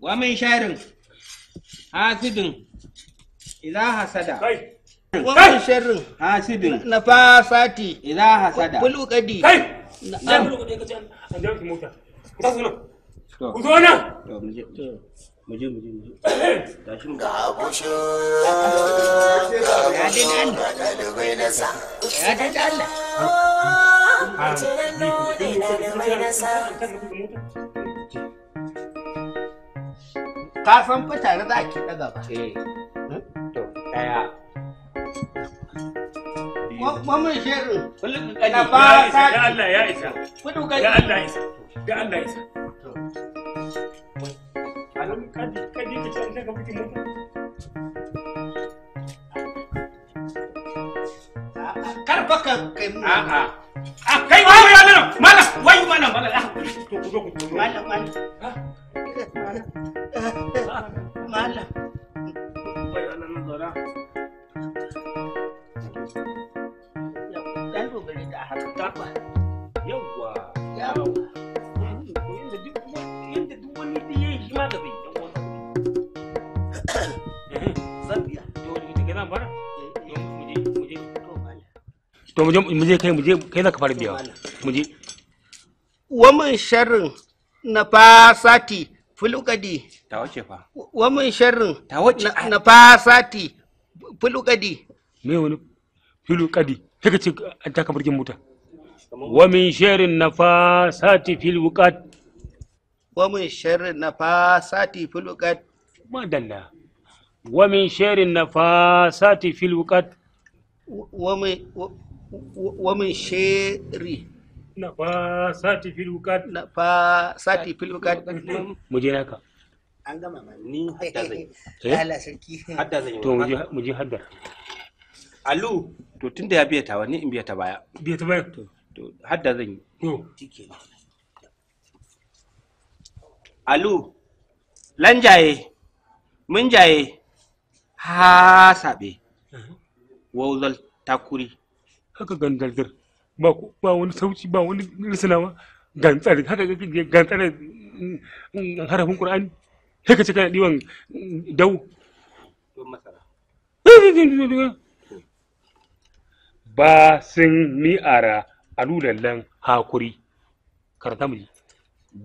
wa min sharin hasidin idza hasada wannan sharrin hasidin na fasati idza hasada bulukadi kai na bulukadi kace an jawo mota ka zo nan ku zo nan to mu je mu je mu je tashi mu ga bushu ya din ya ha ka san fa tare za ki daga ba eh to Mamman shehu. Kullum ka ya ka. Allah ya isa. Kudu ka. Da isa. Allah isa. ka ka fiti Kar kai mu. A'a. yawa yawa Yawwa. duk wani na fasati fulukadi. Ta wace fa? sharrin na fasati fulukadi. fulukadi? Kika ce an taka birgin ومن شر النفاسات في الوقت ومن شر النفاسات في الوقت ما دلنا ومن شر النفاسات في الوقت ومن ومن شر min في الوقت sharri في الوقت wuqat ni to mu alu to tunda ya biya tawa ni in biya ta baya biya baya to hadda zan yi alu lanjaye munjaye ha sabe wauzal takuri haka gandaldar ba ba wani sauci ba wani risalawa gantsare haka gantsare mm, mm, harafin qur'ani haka ce kana diwan dau ba sun mi'ara anu lallan hakuri karta mu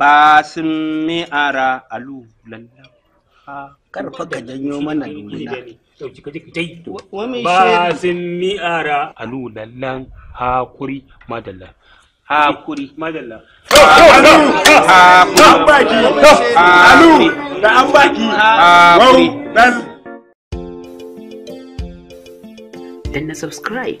basin ara alu lallan karfa ka janyo mana luluna basin ara alu lallan hakuri madalla hakuri madalla da an baki dan na subscribe